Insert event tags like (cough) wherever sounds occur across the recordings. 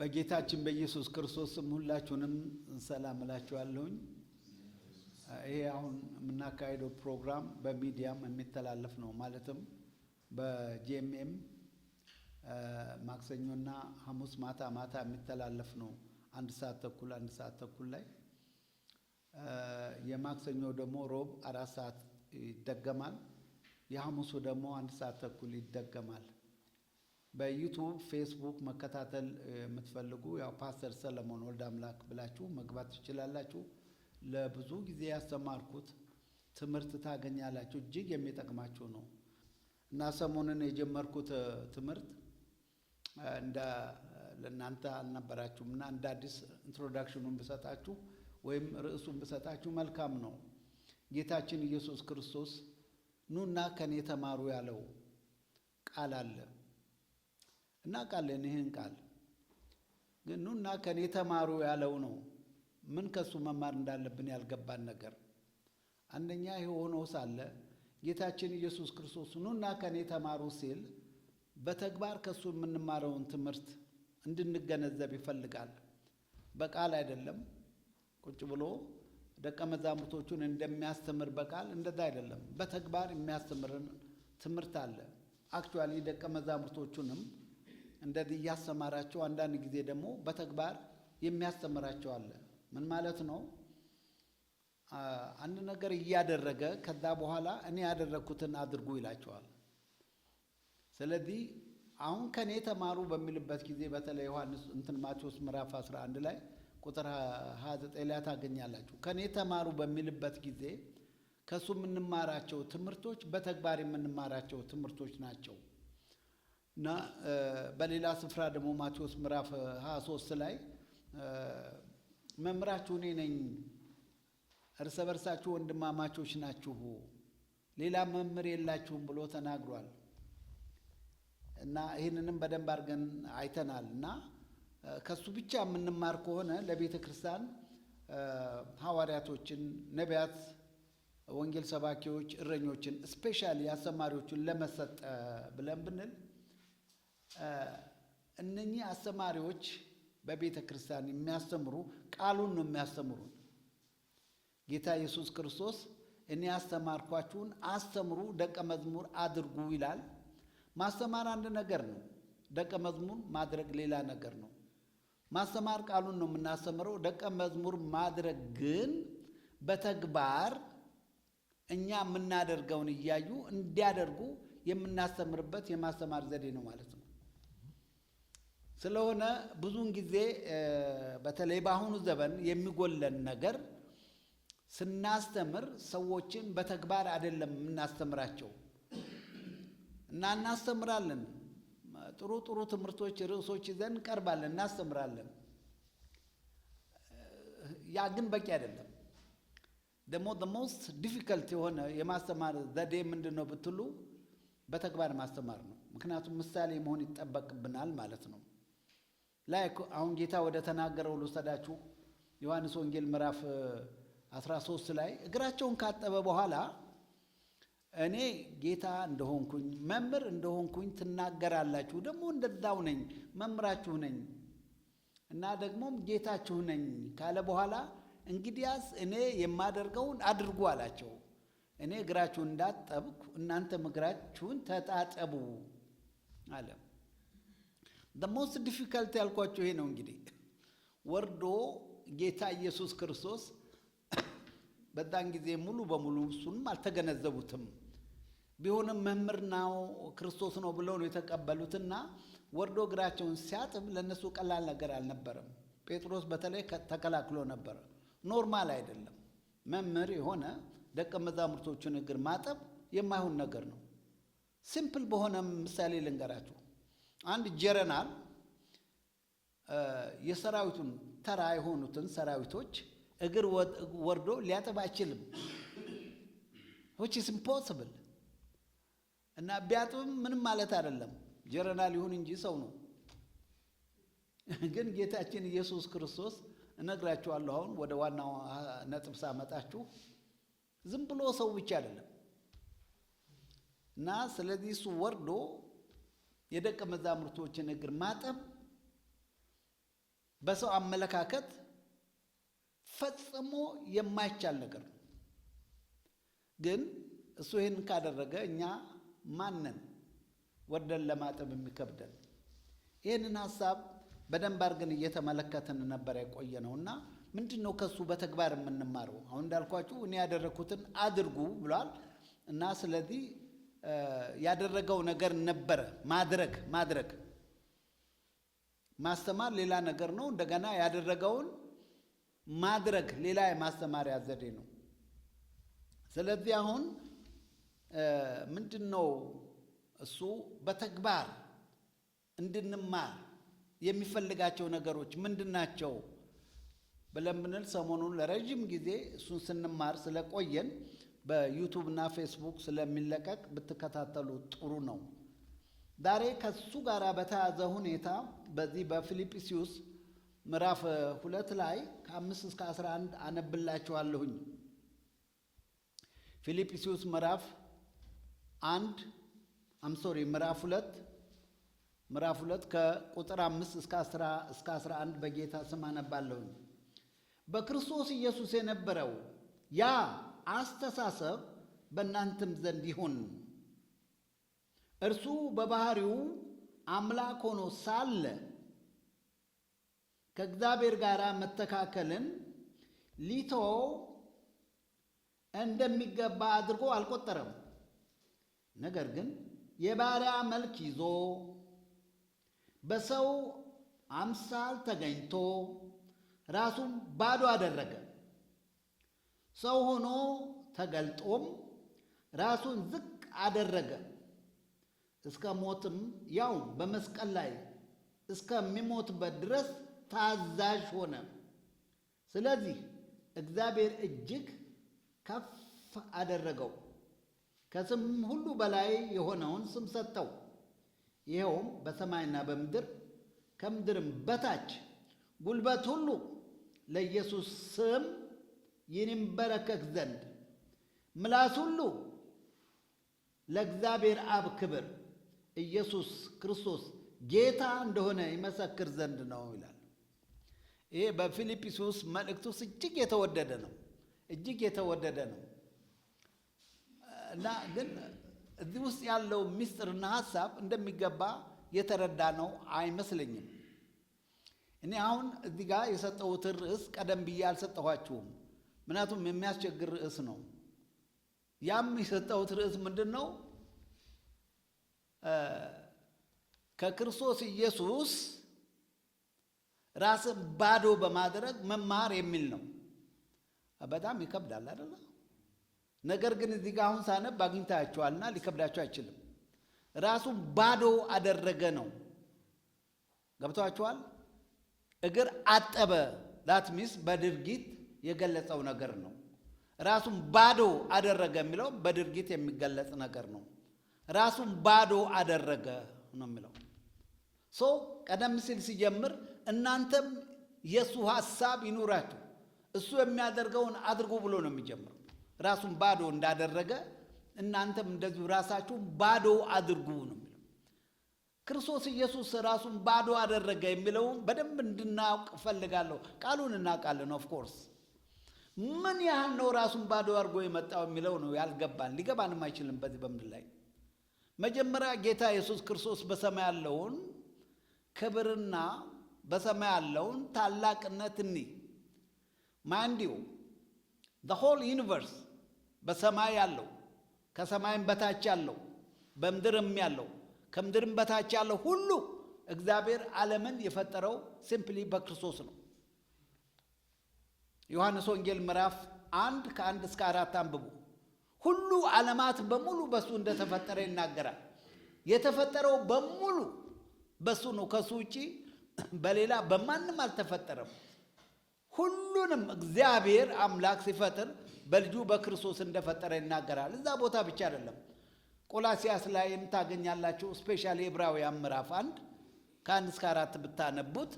በጌታችን በኢየሱስ ክርስቶስ ስም ሁላችሁንም ሰላም እላችኋለሁኝ። ይሄ አሁን የምናካሄደው ፕሮግራም በሚዲያም የሚተላለፍ ነው። ማለትም በጂኤምኤም ማክሰኞና ሐሙስ ማታ ማታ የሚተላለፍ ነው። አንድ ሰዓት ተኩል አንድ ሰዓት ተኩል ላይ የማክሰኞ ደግሞ ሮብ አራት ሰዓት ይደገማል። የሐሙሱ ደግሞ አንድ ሰዓት ተኩል ይደገማል። በዩቱብ ፌስቡክ መከታተል የምትፈልጉ ያው ፓስተር ሰለሞን ወልድ አምላክ ብላችሁ መግባት ትችላላችሁ። ለብዙ ጊዜ ያስተማርኩት ትምህርት ታገኛላችሁ። እጅግ የሚጠቅማችሁ ነው እና ሰሞኑን የጀመርኩት ትምህርት እንደ ለእናንተ አልነበራችሁም እና እንደ አዲስ ኢንትሮዳክሽኑን ብሰጣችሁ ወይም ርዕሱን ብሰጣችሁ መልካም ነው። ጌታችን ኢየሱስ ክርስቶስ ኑና ከኔ ተማሩ ያለው ቃል አለ። እናውቃለን ይህን ቃል ግን ኑና ከኔ ተማሩ ያለው ነው። ምን ከሱ መማር እንዳለብን ያልገባን ነገር አንደኛ ይህ ሆኖ ሳለ ጌታችን ኢየሱስ ክርስቶስ ኑና ከኔ ተማሩ ሲል በተግባር ከሱ የምንማረውን ትምህርት እንድንገነዘብ ይፈልጋል። በቃል አይደለም ቁጭ ብሎ ደቀ መዛሙርቶቹን እንደሚያስተምር በቃል እንደዛ አይደለም፣ በተግባር የሚያስተምርን ትምህርት አለ። አክቹዋሊ ደቀ መዛሙርቶቹንም እንደዚህ እያስተማራቸው አንዳንድ ጊዜ ደግሞ በተግባር የሚያስተምራቸው አለ። ምን ማለት ነው? አንድ ነገር እያደረገ ከዛ በኋላ እኔ ያደረግኩትን አድርጉ ይላቸዋል። ስለዚህ አሁን ከኔ ተማሩ በሚልበት ጊዜ በተለይ ዮሐንስ እንትን ማቴዎስ ምዕራፍ 11 ላይ ቁጥር 29 ላይ ታገኛላችሁ። ከኔ ተማሩ በሚልበት ጊዜ ከእሱ የምንማራቸው ትምህርቶች በተግባር የምንማራቸው ትምህርቶች ናቸው። እና በሌላ ስፍራ ደግሞ ማቴዎስ ምዕራፍ 23 ላይ መምራችሁ እኔ ነኝ፣ እርስ በርሳችሁ ወንድማማቾች ናችሁ፣ ሌላ መምህር የላችሁም ብሎ ተናግሯል። እና ይህንንም በደንብ አድርገን አይተናል። እና ከሱ ብቻ የምንማር ከሆነ ለቤተ ክርስቲያን ሐዋርያቶችን፣ ነቢያት፣ ወንጌል ሰባኪዎች፣ እረኞችን ስፔሻሊ አስተማሪዎችን ለመሰጠ ብለን ብንል እነኚህ አስተማሪዎች በቤተ ክርስቲያን የሚያስተምሩ ቃሉን ነው የሚያስተምሩን። ጌታ ኢየሱስ ክርስቶስ እኔ አስተማርኳችሁን አስተምሩ፣ ደቀ መዝሙር አድርጉ ይላል። ማስተማር አንድ ነገር ነው። ደቀ መዝሙር ማድረግ ሌላ ነገር ነው። ማስተማር ቃሉን ነው የምናስተምረው። ደቀ መዝሙር ማድረግ ግን በተግባር እኛ የምናደርገውን እያዩ እንዲያደርጉ የምናስተምርበት የማስተማር ዘዴ ነው ማለት ነው። ስለሆነ ብዙውን ጊዜ በተለይ በአሁኑ ዘመን የሚጎለን ነገር ስናስተምር ሰዎችን በተግባር አይደለም የምናስተምራቸው እና እናስተምራለን። ጥሩ ጥሩ ትምህርቶች ርዕሶች ይዘን ቀርባለን እናስተምራለን። ያ ግን በቂ አይደለም። ደግሞ ሞስት ዲፊከልት የሆነ የማስተማር ዘዴ ምንድን ነው ብትሉ፣ በተግባር ማስተማር ነው። ምክንያቱም ምሳሌ መሆን ይጠበቅብናል ማለት ነው። ላይ አሁን ጌታ ወደ ተናገረው ልውሰዳችሁ። ዮሐንስ ወንጌል ምዕራፍ 13 ላይ እግራቸውን ካጠበ በኋላ እኔ ጌታ እንደሆንኩኝ መምህር እንደሆንኩኝ ትናገራላችሁ፣ ደግሞ እንደዛው ነኝ፣ መምህራችሁ ነኝ እና ደግሞም ጌታችሁ ነኝ ካለ በኋላ እንግዲያስ እኔ የማደርገውን አድርጉ አላቸው። እኔ እግራችሁን እንዳጠብኩ እናንተም እግራችሁን ተጣጠቡ አለም። ደ ሞስት ዲፊካልቲ ያልኳቸው ይሄ ነው። እንግዲህ ወርዶ ጌታ ኢየሱስ ክርስቶስ በዛን ጊዜ ሙሉ በሙሉ እሱንም አልተገነዘቡትም። ቢሆንም መምህር ነው ክርስቶስ ነው ብለው ነው የተቀበሉትና ወርዶ እግራቸውን ሲያጥብ ለእነሱ ቀላል ነገር አልነበረም። ጴጥሮስ በተለይ ተከላክሎ ነበር ኖርማል አይደለም። መምህር የሆነ ደቀ መዛሙርቶቹን እግር ማጠብ የማይሆን ነገር ነው። ሲምፕል በሆነ ምሳሌ ልንገራችሁ። አንድ ጀረናል የሰራዊቱን ተራ የሆኑትን ሰራዊቶች እግር ወርዶ ሊያጠብ አይችልም። ዊች ኢዝ ኢምፖስብል እና ቢያጥብም ምንም ማለት አይደለም። ጀረናል ይሁን እንጂ ሰው ነው። (laughs) ግን ጌታችን ኢየሱስ ክርስቶስ እነግራችኋለሁ፣ አሁን ወደ ዋናው ነጥብ ሳመጣችሁ ዝም ብሎ ሰው ብቻ አይደለም እና ስለዚህ እሱ ወርዶ የደቀ መዛሙርቶችን እግር ማጠብ በሰው አመለካከት ፈጽሞ የማይቻል ነገር ነው። ግን እሱ ይህን ካደረገ እኛ ማንን ወደን ለማጠብ የሚከብደን? ይህንን ሀሳብ በደንብ አድርገን እየተመለከትን ነበር የቆየ ነው እና ምንድን ነው ከእሱ በተግባር የምንማረው? አሁን እንዳልኳችሁ እኔ ያደረግኩትን አድርጉ ብሏል እና ስለዚህ ያደረገው ነገር ነበረ። ማድረግ ማድረግ ማስተማር ሌላ ነገር ነው። እንደገና ያደረገውን ማድረግ ሌላ የማስተማሪያ ዘዴ ነው። ስለዚህ አሁን ምንድን ነው እሱ በተግባር እንድንማር የሚፈልጋቸው ነገሮች ምንድን ናቸው ብለን ብንል ሰሞኑን ለረዥም ጊዜ እሱን ስንማር ስለቆየን በዩቱብ እና ፌስቡክ ስለሚለቀቅ ብትከታተሉ ጥሩ ነው። ዛሬ ከሱ ጋር በተያዘ ሁኔታ በዚህ በፊልጵስዩስ ምዕራፍ ሁለት ላይ ከአምስት እስከ አስራ አንድ አነብላችኋለሁኝ። ፊልጵስዩስ ምዕራፍ አንድ አምሶሪ ምዕራፍ ሁለት ምዕራፍ ሁለት ከቁጥር አምስት እስከ አስራ አንድ በጌታ ስም አነባለሁኝ። በክርስቶስ ኢየሱስ የነበረው ያ አስተሳሰብ በእናንተም ዘንድ ይሁን። እርሱ በባህሪው አምላክ ሆኖ ሳለ ከእግዚአብሔር ጋር መተካከልን ሊተወው እንደሚገባ አድርጎ አልቆጠረም። ነገር ግን የባሪያ መልክ ይዞ በሰው አምሳል ተገኝቶ ራሱን ባዶ አደረገ። ሰው ሆኖ ተገልጦም ራሱን ዝቅ አደረገ እስከ ሞትም ያው በመስቀል ላይ እስከሚሞትበት ድረስ ታዛዥ ሆነ። ስለዚህ እግዚአብሔር እጅግ ከፍ አደረገው፣ ከስም ሁሉ በላይ የሆነውን ስም ሰጠው። ይኸውም በሰማይና በምድር ከምድርም በታች ጉልበት ሁሉ ለኢየሱስ ስም ይንበረከክ ዘንድ ምላስ ሁሉ ለእግዚአብሔር አብ ክብር ኢየሱስ ክርስቶስ ጌታ እንደሆነ ይመሰክር ዘንድ ነው ይላል። ይሄ በፊልጵስዩስ መልእክት ውስጥ እጅግ የተወደደ ነው፣ እጅግ የተወደደ ነው እና ግን እዚህ ውስጥ ያለው ምስጢርና ሀሳብ እንደሚገባ የተረዳ ነው አይመስለኝም። እኔ አሁን እዚህ ጋር የሰጠሁትን ርዕስ ቀደም ብዬ አልሰጠኋችሁም። ምክንያቱም የሚያስቸግር ርዕስ ነው። ያም የሰጠሁት ርዕስ ምንድን ነው? ከክርስቶስ ኢየሱስ ራስን ባዶ በማድረግ መማር የሚል ነው። በጣም ይከብዳል አይደለ? ነገር ግን እዚህ ጋር አሁን ሳነብ አግኝታችኋልና ሊከብዳችሁ አይችልም። ራሱን ባዶ አደረገ ነው። ገብቷችኋል? እግር አጠበ ላትሚስ በድርጊት የገለጸው ነገር ነው። ራሱን ባዶ አደረገ የሚለው በድርጊት የሚገለጽ ነገር ነው። ራሱን ባዶ አደረገ ነው የሚለው ሰው ቀደም ሲል ሲጀምር እናንተም የእሱ ሀሳብ ይኑራችሁ እሱ የሚያደርገውን አድርጉ ብሎ ነው የሚጀምረው። ራሱን ባዶ እንዳደረገ እናንተም እንደዚሁ ራሳችሁን ባዶ አድርጉ ነው የሚለው። ክርስቶስ ኢየሱስ ራሱን ባዶ አደረገ የሚለውን በደንብ እንድናውቅ እፈልጋለሁ። ቃሉን እናውቃለን ኦፍኮርስ። ምን ያህል ነው ራሱን ባዶ አድርጎ የመጣው የሚለው ነው ያልገባን፣ ሊገባንም አይችልም። በዚህ በምድር ላይ መጀመሪያ ጌታ ኢየሱስ ክርስቶስ በሰማይ ያለውን ክብርና በሰማይ ያለውን ታላቅነት እኒ ማንዲው ዘ ሆል ዩኒቨርስ በሰማይ ያለው ከሰማይም በታች ያለው በምድርም ያለው ከምድርም በታች ያለው ሁሉ እግዚአብሔር ዓለምን የፈጠረው ሲምፕሊ በክርስቶስ ነው። ዮሐንስ ወንጌል ምዕራፍ አንድ ከአንድ እስከ አራት አንብቡ። ሁሉ ዓለማት በሙሉ በሱ እንደተፈጠረ ይናገራል። የተፈጠረው በሙሉ በሱ ነው። ከሱ ውጪ በሌላ በማንም አልተፈጠረም። ሁሉንም እግዚአብሔር አምላክ ሲፈጥር በልጁ በክርስቶስ እንደፈጠረ ይናገራል። እዛ ቦታ ብቻ አይደለም፣ ቆላሲያስ ላይም ታገኛላችሁ። ስፔሻል የዕብራውያን ምዕራፍ አንድ ከአንድ እስከ አራት ብታነቡት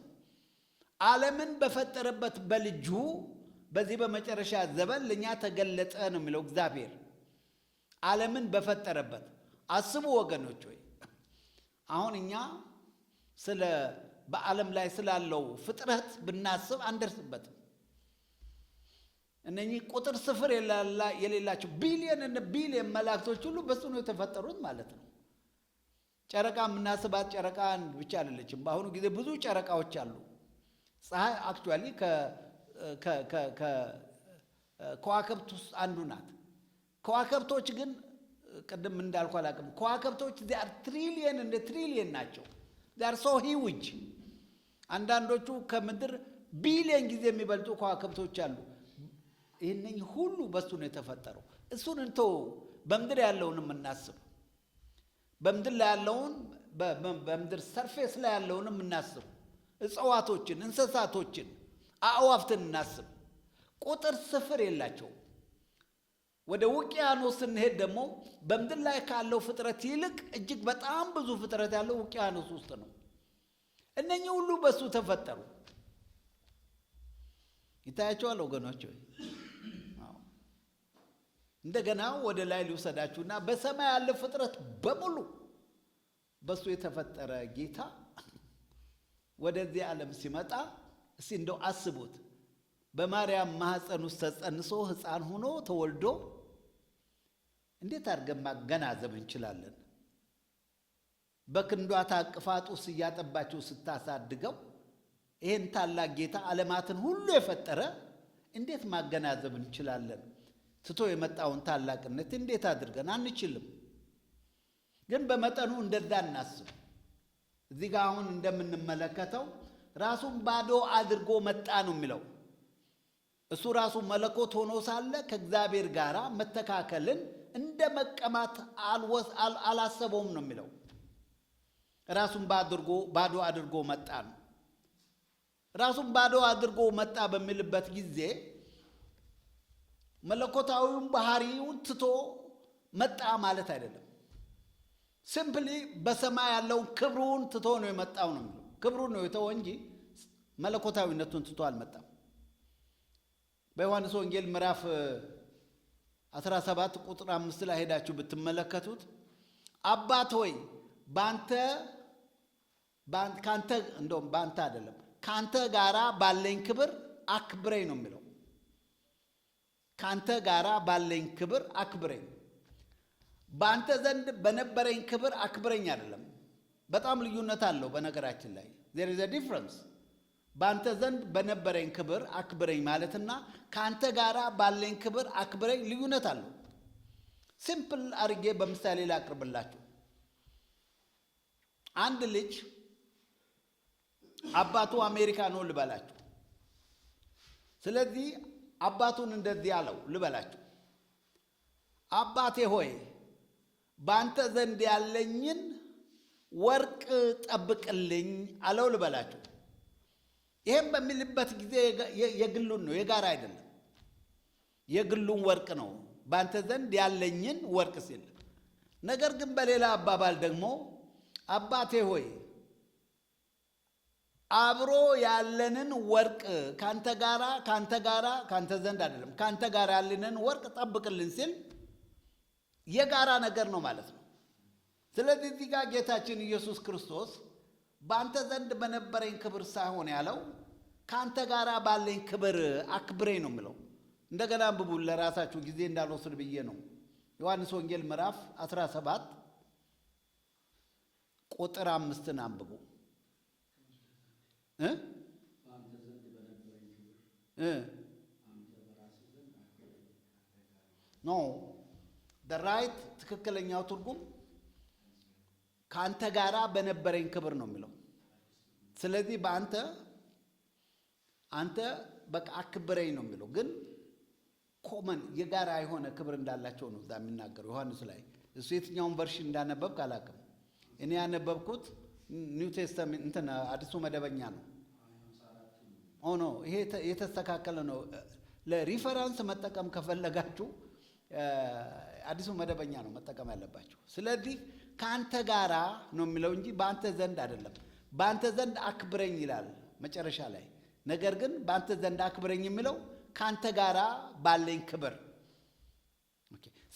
ዓለምን በፈጠረበት በልጁ በዚህ በመጨረሻ ዘመን ለእኛ ተገለጠ ነው የሚለው እግዚአብሔር ዓለምን በፈጠረበት። አስቡ ወገኖች ወይ አሁን እኛ ስለ በዓለም ላይ ስላለው ፍጥረት ብናስብ አንደርስበትም። እነኚህ ቁጥር ስፍር የሌላቸው ቢሊየን እና ቢሊየን መላእክቶች ሁሉ በሱ ነው የተፈጠሩት ማለት ነው። ጨረቃ የምናስባት ጨረቃ ብቻ አይደለችም። በአሁኑ ጊዜ ብዙ ጨረቃዎች አሉ። ፀሐይ አክቹዋሊ ከዋክብት ውስጥ አንዱ ናት። ከዋክብቶች ግን ቅድም እንዳልኩ አላውቅም። ከዋክብቶች ዚያር ትሪሊየን እንደ ትሪሊየን ናቸው። ዚያር ሶ ሂውጅ አንዳንዶቹ ከምድር ቢሊየን ጊዜ የሚበልጡ ከዋክብቶች አሉ። ይህነኝ ሁሉ በሱ ነው የተፈጠረው። እሱን እንተው፣ በምድር ያለውን የምናስብ በምድር ላይ ያለውን በምድር ሰርፌስ ላይ ያለውን የምናስብ እጽዋቶችን፣ እንስሳቶችን፣ አእዋፍትን እናስብ። ቁጥር ስፍር የላቸውም። ወደ ውቅያኖስ ስንሄድ ደግሞ በምድር ላይ ካለው ፍጥረት ይልቅ እጅግ በጣም ብዙ ፍጥረት ያለው ውቅያኖስ ውስጥ ነው። እነኚህ ሁሉ በሱ ተፈጠሩ። ይታያቸዋል ወገኖች። እንደገና ወደ ላይ ሊውሰዳችሁና በሰማይ ያለ ፍጥረት በሙሉ በሱ የተፈጠረ ጌታ ወደዚህ ዓለም ሲመጣ እስቲ እንደው አስቡት። በማርያም ማህፀን ውስጥ ተጸንሶ ህፃን ሆኖ ተወልዶ እንዴት አድርገን ማገናዘብ እንችላለን? በክንዷ ታቅፋ ጡስ እያጠባችው ስታሳድገው ይህን ታላቅ ጌታ ዓለማትን ሁሉ የፈጠረ እንዴት ማገናዘብ እንችላለን? ትቶ የመጣውን ታላቅነት እንዴት አድርገን አንችልም። ግን በመጠኑ እንደዛ እናስብ። እዚህ ጋር አሁን እንደምንመለከተው ራሱን ባዶ አድርጎ መጣ ነው የሚለው። እሱ ራሱ መለኮት ሆኖ ሳለ ከእግዚአብሔር ጋር መተካከልን እንደ መቀማት አላሰበውም ነው የሚለው። ራሱን ባዶ አድርጎ መጣ ነው። ራሱን ባዶ አድርጎ መጣ በሚልበት ጊዜ መለኮታዊውን ባህሪውን ትቶ መጣ ማለት አይደለም። ሲምፕሊ በሰማይ ያለውን ክብሩን ትቶ ነው የመጣው ነው የሚለው። ክብሩን ነው የተወ እንጂ መለኮታዊነቱን ትቶ አልመጣም። በዮሐንስ ወንጌል ምዕራፍ 17 ቁጥር አምስት ላይ ሄዳችሁ ብትመለከቱት አባት ሆይ በአንተ ከአንተ እንደውም በአንተ አይደለም ካንተ ጋራ ባለኝ ክብር አክብረኝ ነው የሚለው። ከአንተ ጋራ ባለኝ ክብር አክብረኝ በአንተ ዘንድ በነበረኝ ክብር አክብረኝ አይደለም። በጣም ልዩነት አለው። በነገራችን ላይ ዜር ኢዝ ዲፍረንስ በአንተ ዘንድ በነበረኝ ክብር አክብረኝ ማለትና ከአንተ ጋር ባለኝ ክብር አክብረኝ ልዩነት አለው። ሲምፕል አርጌ በምሳሌ ላቅርብላችሁ። አንድ ልጅ አባቱ አሜሪካ ነው ልበላችሁ። ስለዚህ አባቱን እንደዚህ አለው ልበላችሁ፣ አባቴ ሆይ በአንተ ዘንድ ያለኝን ወርቅ ጠብቅልኝ አለው ልበላችሁ። ይህም በሚልበት ጊዜ የግሉን ነው፣ የጋራ አይደለም። የግሉን ወርቅ ነው። በአንተ ዘንድ ያለኝን ወርቅ ሲል፣ ነገር ግን በሌላ አባባል ደግሞ አባቴ ሆይ አብሮ ያለንን ወርቅ ካንተ ጋራ ካንተ ጋራ ካንተ ዘንድ አይደለም፣ ካንተ ጋር ያለንን ወርቅ ጠብቅልን ሲል የጋራ ነገር ነው ማለት ነው። ስለዚህ እዚህ ጋር ጌታችን ኢየሱስ ክርስቶስ በአንተ ዘንድ በነበረኝ ክብር ሳይሆን ያለው ከአንተ ጋር ባለኝ ክብር አክብሬ ነው የምለው። እንደገና አንብቡ፣ ለራሳችሁ ጊዜ እንዳልወስድ ብዬ ነው። ዮሐንስ ወንጌል ምዕራፍ 17 ቁጥር አምስትን አንብቡ ኖ ራይት ትክክለኛው ትርጉም ከአንተ ጋር በነበረኝ ክብር ነው የሚለው። ስለዚህ በአንተ አንተ በቃ አክብረኝ ነው የሚለው። ግን ኮመን የጋራ የሆነ ክብር እንዳላቸው ነው እዛ የሚናገረው ዮሐንስ ላይ። እሱ የትኛውን ቨርሽን እንዳነበብክ አላውቅም። እኔ ያነበብኩት ኒው ቴስተመንት እንትን አዲሱ መደበኛ ነው። ሆኖ ይሄ የተስተካከለ ነው። ለሪፈራንስ መጠቀም ከፈለጋችሁ አዲሱ መደበኛ ነው መጠቀም ያለባቸው። ስለዚህ ከአንተ ጋራ ነው የሚለው እንጂ በአንተ ዘንድ አይደለም። በአንተ ዘንድ አክብረኝ ይላል መጨረሻ ላይ። ነገር ግን በአንተ ዘንድ አክብረኝ የሚለው ከአንተ ጋራ ባለኝ ክብር።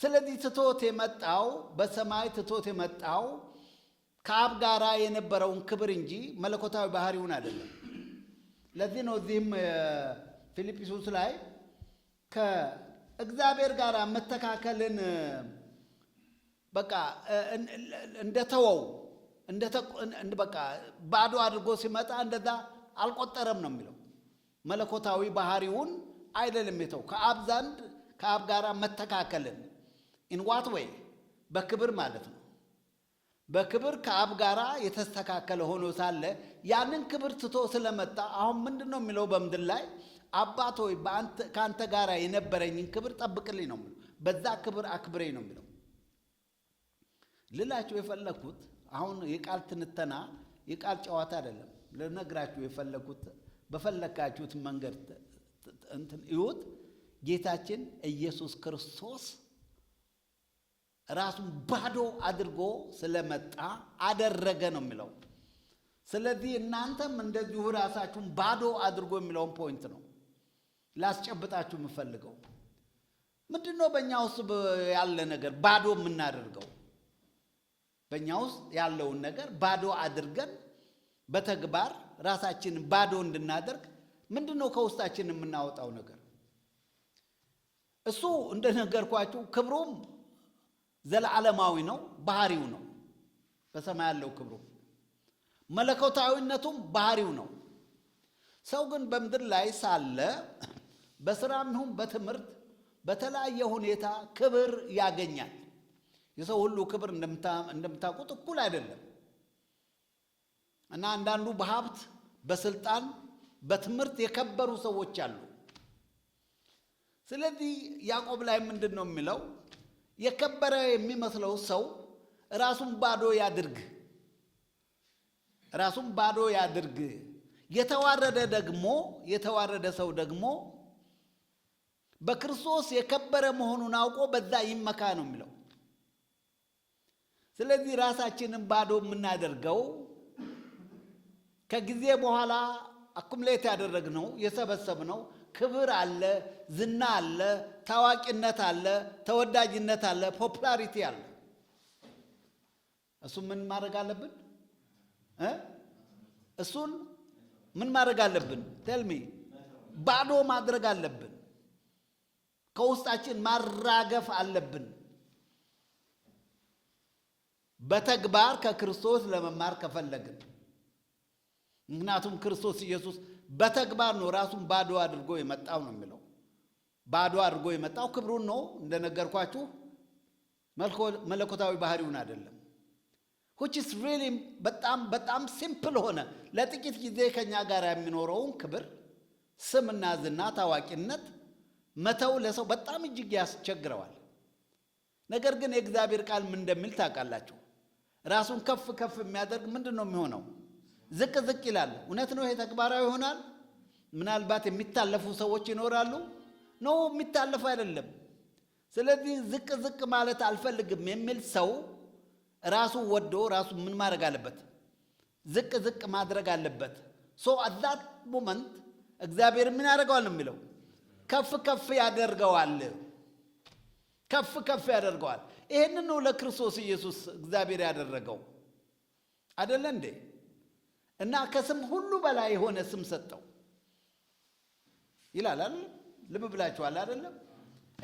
ስለዚህ ትቶት የመጣው በሰማይ ትቶት የመጣው ከአብ ጋራ የነበረውን ክብር እንጂ መለኮታዊ ባህሪውን አይደለም። ለዚህ ነው እዚህም ፊልጵስዩስ ላይ እግዚአብሔር ጋር መተካከልን በቃ እንደተወው በቃ ባዶ አድርጎ ሲመጣ እንደዛ አልቆጠረም ነው የሚለው። መለኮታዊ ባህሪውን አይደለም የተው ከአብ ዘንድ ከአብ ጋር መተካከልን ኢንዋት ወይ በክብር ማለት ነው። በክብር ከአብ ጋር የተስተካከለ ሆኖ ሳለ ያንን ክብር ትቶ ስለመጣ አሁን ምንድን ነው የሚለው በምድር ላይ አባት ሆይ ከአንተ ጋር የነበረኝን ክብር ጠብቅልኝ ነው የሚለው። በዛ ክብር አክብረኝ ነው የሚለው። ልላችሁ የፈለግኩት አሁን የቃል ትንተና የቃል ጨዋታ አይደለም። ልነግራችሁ የፈለግኩት በፈለካችሁት መንገድ እንትን እዩት። ጌታችን ኢየሱስ ክርስቶስ ራሱን ባዶ አድርጎ ስለመጣ አደረገ ነው የሚለው። ስለዚህ እናንተም እንደዚሁ ራሳችሁን ባዶ አድርጎ የሚለውን ፖይንት ነው። ላስጨብጣችሁ የምፈልገው ምንድን ነው በእኛ ውስጥ ያለ ነገር ባዶ የምናደርገው በእኛ ውስጥ ያለውን ነገር ባዶ አድርገን በተግባር ራሳችንን ባዶ እንድናደርግ ምንድን ነው ከውስጣችን የምናወጣው ነገር? እሱ እንደነገርኳችሁ ክብሩም ዘለዓለማዊ ነው፣ ባህሪው ነው። በሰማይ ያለው ክብሩ መለኮታዊነቱም ባህሪው ነው። ሰው ግን በምድር ላይ ሳለ በስራም ይሁን በትምህርት በተለያየ ሁኔታ ክብር ያገኛል። የሰው ሁሉ ክብር እንደምታውቁት እኩል አይደለም እና አንዳንዱ በሀብት፣ በስልጣን፣ በትምህርት የከበሩ ሰዎች አሉ። ስለዚህ ያዕቆብ ላይ ምንድን ነው የሚለው? የከበረ የሚመስለው ሰው ራሱን ባዶ ያድርግ፣ ራሱን ባዶ ያድርግ። የተዋረደ ደግሞ የተዋረደ ሰው ደግሞ በክርስቶስ የከበረ መሆኑን አውቆ በዛ ይመካ ነው የሚለው። ስለዚህ ራሳችንን ባዶ የምናደርገው ከጊዜ በኋላ አኩምሌት ያደረግነው የሰበሰብነው ክብር አለ፣ ዝና አለ፣ ታዋቂነት አለ፣ ተወዳጅነት አለ፣ ፖፑላሪቲ አለ። እሱን ምን ማድረግ አለብን? እሱን ምን ማድረግ አለብን? ቴልሚ ባዶ ማድረግ አለብን። ከውስጣችን ማራገፍ አለብን። በተግባር ከክርስቶስ ለመማር ከፈለግን፣ ምክንያቱም ክርስቶስ ኢየሱስ በተግባር ነው ራሱን ባዶ አድርጎ የመጣው ነው የሚለው። ባዶ አድርጎ የመጣው ክብሩን ነው እንደነገርኳችሁ፣ መለኮታዊ ባህሪውን አይደለም። which በጣም በጣም ሲምፕል ሆነ ለጥቂት ጊዜ ከኛ ጋር የሚኖረውን ክብር፣ ስምና ዝና፣ ታዋቂነት መተው ለሰው በጣም እጅግ ያስቸግረዋል። ነገር ግን የእግዚአብሔር ቃል ምን እንደሚል ታውቃላችሁ? ራሱን ከፍ ከፍ የሚያደርግ ምንድን ነው የሚሆነው? ዝቅ ዝቅ ይላል። እውነት ነው። ይሄ ተግባራዊ ይሆናል። ምናልባት የሚታለፉ ሰዎች ይኖራሉ። ኖ የሚታለፉ አይደለም። ስለዚህ ዝቅ ዝቅ ማለት አልፈልግም የሚል ሰው ራሱ ወዶ ራሱ ምን ማድረግ አለበት? ዝቅ ዝቅ ማድረግ አለበት። ሶ አት ዛት ሞመንት እግዚአብሔር ምን ያደርገዋል ነው የሚለው ከፍ ከፍ ያደርገዋል። ከፍ ከፍ ያደርገዋል። ይህንን ነው ለክርስቶስ ኢየሱስ እግዚአብሔር ያደረገው አደለ እንዴ? እና ከስም ሁሉ በላይ የሆነ ስም ሰጠው ይላል አይደል? ልብ ብላችኋል አይደለም?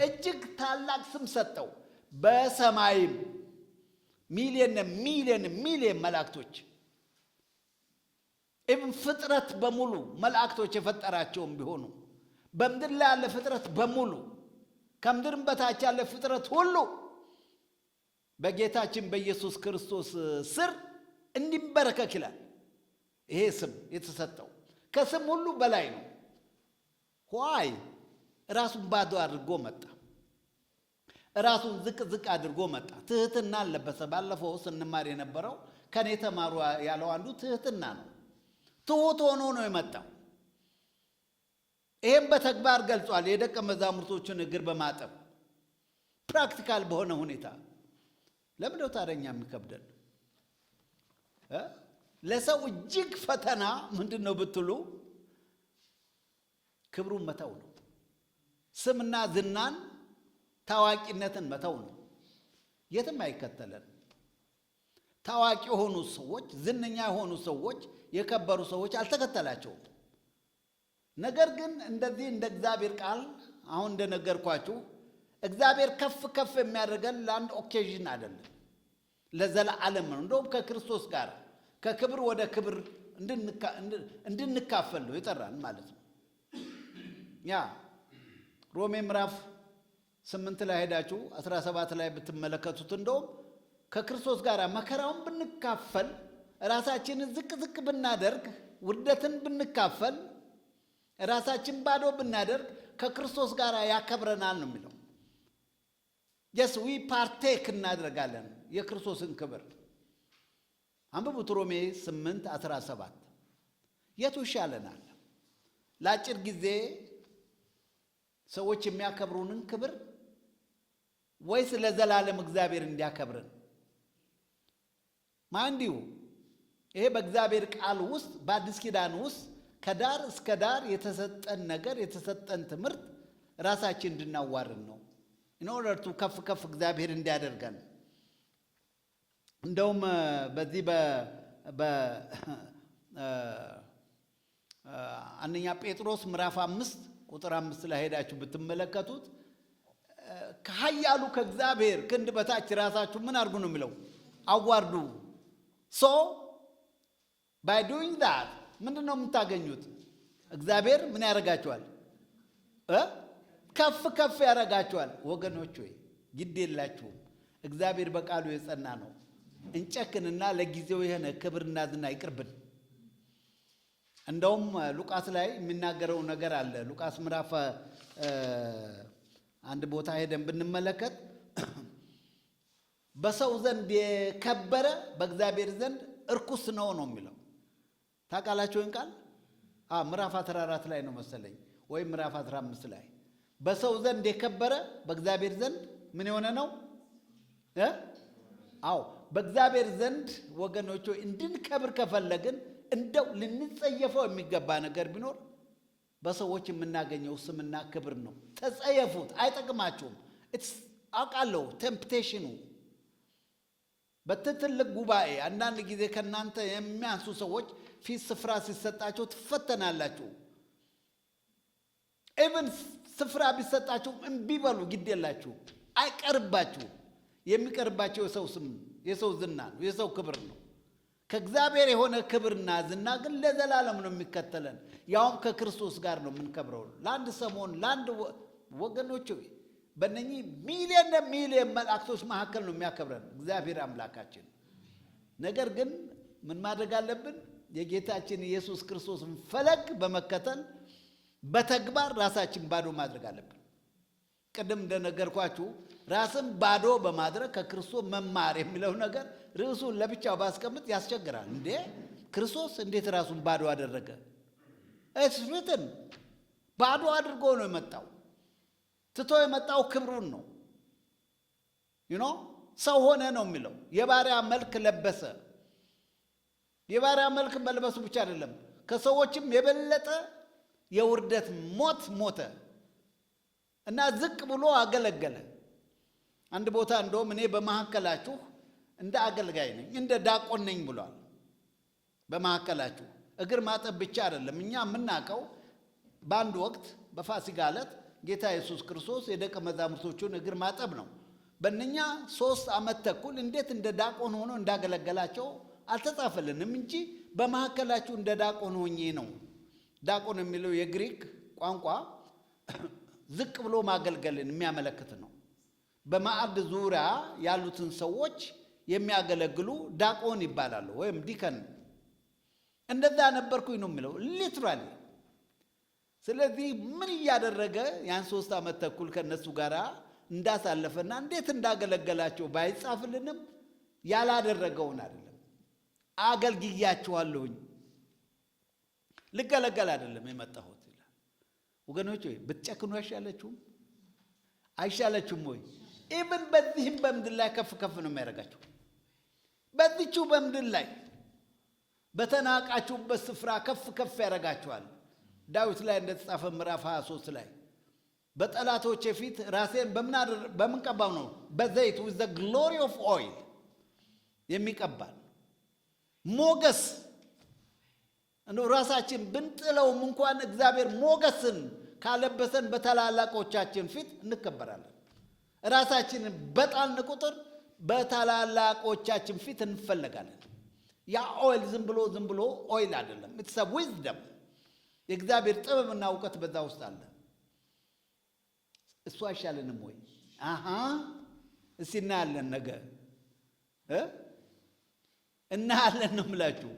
እጅግ ታላቅ ስም ሰጠው። በሰማይም ሚሊየን ሚሊየን ሚሊየን መላእክቶች ኢቭን ፍጥረት በሙሉ መላእክቶች የፈጠራቸውም ቢሆኑ በምድር ላይ ያለ ፍጥረት በሙሉ ከምድርም በታች ያለ ፍጥረት ሁሉ በጌታችን በኢየሱስ ክርስቶስ ስር እንዲንበረከክ ይላል። ይሄ ስም የተሰጠው ከስም ሁሉ በላይ ነው። ዋይ ራሱን ባዶ አድርጎ መጣ። ራሱን ዝቅ ዝቅ አድርጎ መጣ። ትህትና አለበሰ። ባለፈው ስንማር የነበረው ከኔ ተማሩ ያለው አንዱ ትህትና ነው። ትሁት ሆኖ ነው የመጣው። ይህም በተግባር ገልጿል። የደቀ መዛሙርቶችን እግር በማጠብ ፕራክቲካል በሆነ ሁኔታ ለምደው ታደኛ የሚከብደን? ለሰው እጅግ ፈተና ምንድን ነው ብትሉ ክብሩን መተው ነው። ስምና ዝናን ታዋቂነትን መተው ነው። የትም አይከተለን። ታዋቂ የሆኑ ሰዎች፣ ዝነኛ የሆኑ ሰዎች፣ የከበሩ ሰዎች አልተከተላቸውም። ነገር ግን እንደዚህ እንደ እግዚአብሔር ቃል አሁን እንደነገርኳችሁ እግዚአብሔር ከፍ ከፍ የሚያደርገን ለአንድ ኦኬዥን አይደለም፣ ለዘላለም ነው። እንደውም ከክርስቶስ ጋር ከክብር ወደ ክብር እንድንካፈል ነው የጠራን ማለት ነው። ያ ሮሜ ምዕራፍ ስምንት ላይ ሄዳችሁ አስራ ሰባት ላይ ብትመለከቱት እንደውም ከክርስቶስ ጋር መከራውን ብንካፈል ራሳችንን ዝቅ ዝቅ ብናደርግ ውርደትን ብንካፈል ራሳችን ባዶ ብናደርግ ከክርስቶስ ጋር ያከብረናል ነው የሚለው። የስ ዊ ፓርቴክ እናደርጋለን የክርስቶስን ክብር። አንብቡት ሮሜ 8 17 የቱ ይሻለናል? ለአጭር ጊዜ ሰዎች የሚያከብሩንን ክብር ወይስ ለዘላለም እግዚአብሔር እንዲያከብርን? ማንዲሁ ይሄ በእግዚአብሔር ቃል ውስጥ በአዲስ ኪዳን ውስጥ ከዳር እስከ ዳር የተሰጠን ነገር የተሰጠን ትምህርት ራሳችን እንድናዋርን ነው። ኢንኦርደርቱ ከፍ ከፍ እግዚአብሔር እንዲያደርገን እንደውም በዚህ አንደኛ ጴጥሮስ ምዕራፍ አምስት ቁጥር አምስት ላይ ሄዳችሁ ብትመለከቱት ከኃያሉ ከእግዚአብሔር ክንድ በታች ራሳችሁ ምን አድርጉ ነው የሚለው አዋርዱ ሶ ባይ ዱይንግ ት ምንድን ነው የምታገኙት? እግዚአብሔር ምን ያደርጋችኋል? ከፍ ከፍ ያደርጋችኋል። ወገኖች ወይ ግድ የላችሁም። እግዚአብሔር በቃሉ የጸና ነው። እንጨክንና ለጊዜው የሆነ ክብርና ዝና ይቅርብን። እንደውም ሉቃስ ላይ የሚናገረው ነገር አለ። ሉቃስ ምዕራፍ አንድ ቦታ ሄደን ብንመለከት (clears throat) በሰው ዘንድ የከበረ በእግዚአብሔር ዘንድ እርኩስ ነው ነው የሚለው ታውቃላችሁን? ቃል ምዕራፍ 14 ላይ ነው መሰለኝ ወይም ምዕራፍ 15 ላይ በሰው ዘንድ የከበረ በእግዚአብሔር ዘንድ ምን የሆነ ነው? አዎ በእግዚአብሔር ዘንድ ወገኖች እንድንከብር ከፈለግን እንደው ልንጸየፈው የሚገባ ነገር ቢኖር በሰዎች የምናገኘው ስምና ክብር ነው። ተጸየፉት፣ አይጠቅማችሁም። አውቃለሁ ቴምፕቴሽኑ በትትልቅ ጉባኤ አንዳንድ ጊዜ ከእናንተ የሚያንሱ ሰዎች ፊት ስፍራ ሲሰጣቸው ትፈተናላችሁ። ኢብን ስፍራ ቢሰጣቸው እምቢ በሉ፣ ግድ የላችሁ፣ አይቀርባችሁ። የሚቀርባቸው የሰው ስም፣ የሰው ዝና ነው፣ የሰው ክብር ነው። ከእግዚአብሔር የሆነ ክብርና ዝና ግን ለዘላለም ነው የሚከተለን። ያውም ከክርስቶስ ጋር ነው የምንከብረው። ለአንድ ሰሞን ለአንድ ወገኖች በእነኚህ ሚሊየን ሚሊየን መላእክቶች መካከል ነው የሚያከብረን እግዚአብሔር አምላካችን። ነገር ግን ምን ማድረግ አለብን? የጌታችን ኢየሱስ ክርስቶስን ፈለግ በመከተል በተግባር ራሳችን ባዶ ማድረግ አለብን። ቅድም እንደነገርኳችሁ ራስን ባዶ በማድረግ ከክርስቶስ መማር የሚለው ነገር ርዕሱን ለብቻው ባስቀምጥ ያስቸግራል። እንዴ ክርስቶስ እንዴት ራሱን ባዶ አደረገ? እስፍትን ባዶ አድርጎ ነው የመጣው። ትቶ የመጣው ክብሩን ነው። ዩኖ ሰው ሆነ ነው የሚለው የባሪያ መልክ ለበሰ የባሪያ መልክ መልበሱ ብቻ አይደለም፣ ከሰዎችም የበለጠ የውርደት ሞት ሞተ እና ዝቅ ብሎ አገለገለ። አንድ ቦታ እንደውም እኔ በመካከላችሁ እንደ አገልጋይ ነኝ እንደ ዳቆን ነኝ ብሏል። በመካከላችሁ እግር ማጠብ ብቻ አይደለም። እኛ የምናውቀው በአንድ ወቅት በፋሲጋ ዕለት ጌታ ኢየሱስ ክርስቶስ የደቀ መዛሙርቶቹን እግር ማጠብ ነው። በእነኛ ሶስት ዓመት ተኩል እንዴት እንደ ዳቆን ሆኖ እንዳገለገላቸው አልተጻፈልንም እንጂ በመካከላችሁ እንደ ዳቆን ሆኜ ነው። ዳቆን የሚለው የግሪክ ቋንቋ ዝቅ ብሎ ማገልገልን የሚያመለክት ነው። በማዕድ ዙሪያ ያሉትን ሰዎች የሚያገለግሉ ዳቆን ይባላሉ፣ ወይም ዲከን። እንደዛ ነበርኩኝ ነው የሚለው ሊትራሊ። ስለዚህ ምን እያደረገ ያን ሶስት ዓመት ተኩል ከእነሱ ጋር እንዳሳለፈና እንዴት እንዳገለገላቸው ባይጻፍልንም ያላደረገውን አይደለም። አገልግያቸዋለሁኝ ልገለገል አይደለም የመጣሁት ይላል። ወገኖች ወይ ብትጨክኑ አይሻላችሁም? አይሻላችሁም ወይ? ኢብን በዚህም በምድር ላይ ከፍ ከፍ ነው የሚያደርጋችሁ። በዚቹ በምድር ላይ በተናቃችሁበት ስፍራ ከፍ ከፍ ያደርጋችኋል። ዳዊት ላይ እንደተጻፈ ምዕራፍ 23 ላይ በጠላቶቼ ፊት ራሴን በምን ቀባው ነው? በዘይት ዘ ግሎሪ ኦፍ ኦይል የሚቀባል ሞገስ እንደው ራሳችን ብንጥለውም እንኳን እግዚአብሔር ሞገስን ካለበሰን በታላላቆቻችን ፊት እንከበራለን። ራሳችንን በጣልን ቁጥር በታላላቆቻችን ፊት እንፈለጋለን። ያ ኦይል ዝም ብሎ ዝም ብሎ ኦይል አይደለም። ኢትስ ዊዝደም የእግዚአብሔር ጥበብና እውቀት በዛ ውስጥ አለ። እሱ አይሻለንም ወይ? አሃ እስቲ እናያለን ነገ እናያለን ነው የምላችሁ።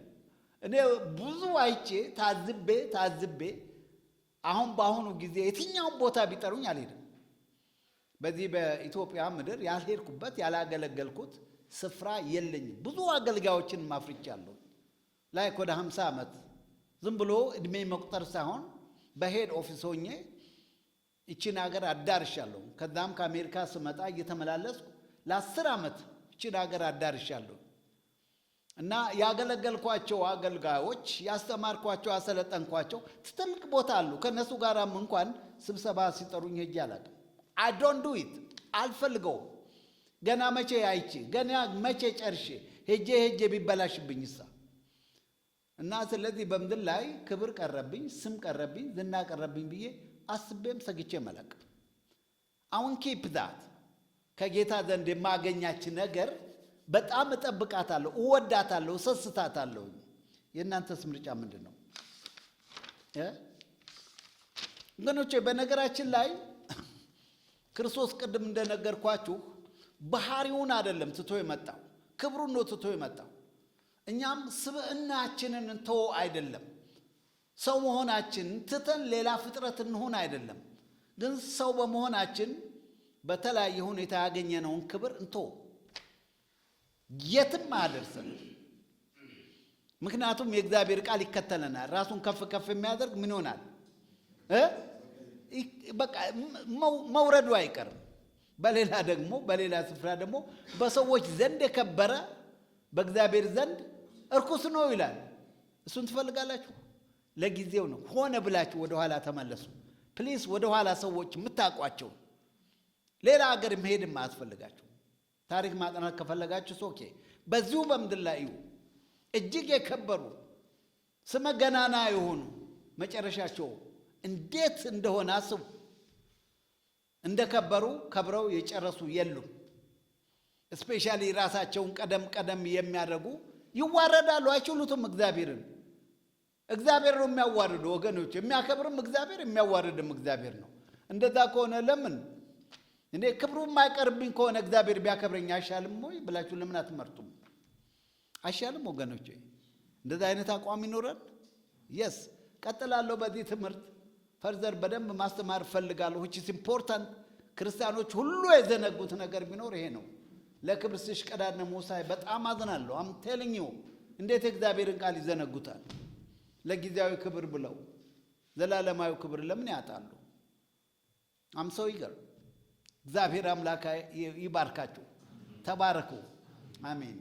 እኔ ብዙ አይቼ ታዝቤ ታዝቤ አሁን በአሁኑ ጊዜ የትኛውን ቦታ ቢጠሩኝ አልሄድም። በዚህ በኢትዮጵያ ምድር ያልሄድኩበት ያላገለገልኩት ስፍራ የለኝም። ብዙ አገልጋዮችን ማፍርቻለሁ። ላይ ወደ ሀምሳ ዓመት ዝም ብሎ እድሜ መቁጠር ሳይሆን በሄድ ኦፊስ ሆኜ ይቺን ሀገር አዳርሻለሁ። ከዛም ከአሜሪካ ስመጣ እየተመላለስኩ ለአስር ዓመት ይቺን ሀገር አዳርሻለሁ። እና ያገለገልኳቸው አገልጋዮች ያስተማርኳቸው፣ ያሰለጠንኳቸው ትልቅ ቦታ አሉ። ከእነሱ ጋራም እንኳን ስብሰባ ሲጠሩኝ ሄጄ አላውቅም። አዶን ዱዊት አልፈልገውም። ገና መቼ አይቼ ገና መቼ ጨርሼ ሄጄ ሄጄ ቢበላሽብኝ እሳ እና ስለዚህ በምድር ላይ ክብር ቀረብኝ፣ ስም ቀረብኝ፣ ዝና ቀረብኝ ብዬ አስቤም ሰግቼ መለቅ አሁን ኪፕ ዛት ከጌታ ዘንድ የማገኛች ነገር በጣም እጠብቃታለሁ፣ እወዳታለሁ፣ እሰስታታለሁ። የእናንተስ ምርጫ ምንድን ነው? ወገኖቼ በነገራችን ላይ ክርስቶስ ቅድም እንደነገርኳችሁ ባህሪውን አይደለም ትቶ የመጣው ክብሩን ነው ትቶ የመጣው። እኛም ስብዕናችንን እንተው አይደለም ሰው መሆናችን ትተን ሌላ ፍጥረት እንሆን አይደለም። ግን ሰው በመሆናችን በተለያየ ሁኔታ ያገኘነውን ክብር እንተው የትም አያደርስም። ምክንያቱም የእግዚአብሔር ቃል ይከተለናል። ራሱን ከፍ ከፍ የሚያደርግ ምን ይሆናል? በቃ መውረዱ አይቀርም። በሌላ ደግሞ በሌላ ስፍራ ደግሞ በሰዎች ዘንድ የከበረ በእግዚአብሔር ዘንድ እርኩስ ነው ይላል። እሱን ትፈልጋላችሁ? ለጊዜው ነው። ሆነ ብላችሁ ወደኋላ ተመለሱ ፕሊስ። ወደኋላ ሰዎች የምታውቋቸው ሌላ ሀገር መሄድም አያስፈልጋችሁ። ታሪክ ማጥናት ከፈለጋችሁ ኦኬ፣ በዚሁ በምድር ላይ እዩ። እጅግ የከበሩ ስመ ገናና የሆኑ መጨረሻቸው እንዴት እንደሆነ አስቡ። እንደከበሩ ከብረው የጨረሱ የሉም። እስፔሻሊ ራሳቸውን ቀደም ቀደም የሚያደርጉ ይዋረዳሉ፣ አይችሉትም። እግዚአብሔርን እግዚአብሔር ነው የሚያዋርዱ ወገኖች። የሚያከብርም እግዚአብሔር የሚያዋርድም እግዚአብሔር ነው። እንደዛ ከሆነ ለምን እኔ ክብሩ የማይቀርብኝ ከሆነ እግዚአብሔር ቢያከብረኝ አይሻልም ወይ ብላችሁ ለምን አትመርጡም? አይሻልም ወገኖች? እንደዚ አይነት አቋም ይኖረን። የስ ቀጥላለሁ። በዚህ ትምህርት ፈርዘር በደንብ ማስተማር እፈልጋለሁ። ች ኢምፖርታንት ክርስቲያኖች ሁሉ የዘነጉት ነገር ቢኖር ይሄ ነው። ለክብር ስሽ ቀዳነ ሙሳይ በጣም አዝናለሁ። አም ቴልኝ እንዴት እግዚአብሔርን ቃል ይዘነጉታል? ለጊዜያዊ ክብር ብለው ዘላለማዊ ክብር ለምን ያጣሉ? አም ሰው ይገር እግዚአብሔር አምላክ ይባርካችሁ። ተባረኩ። አሜን።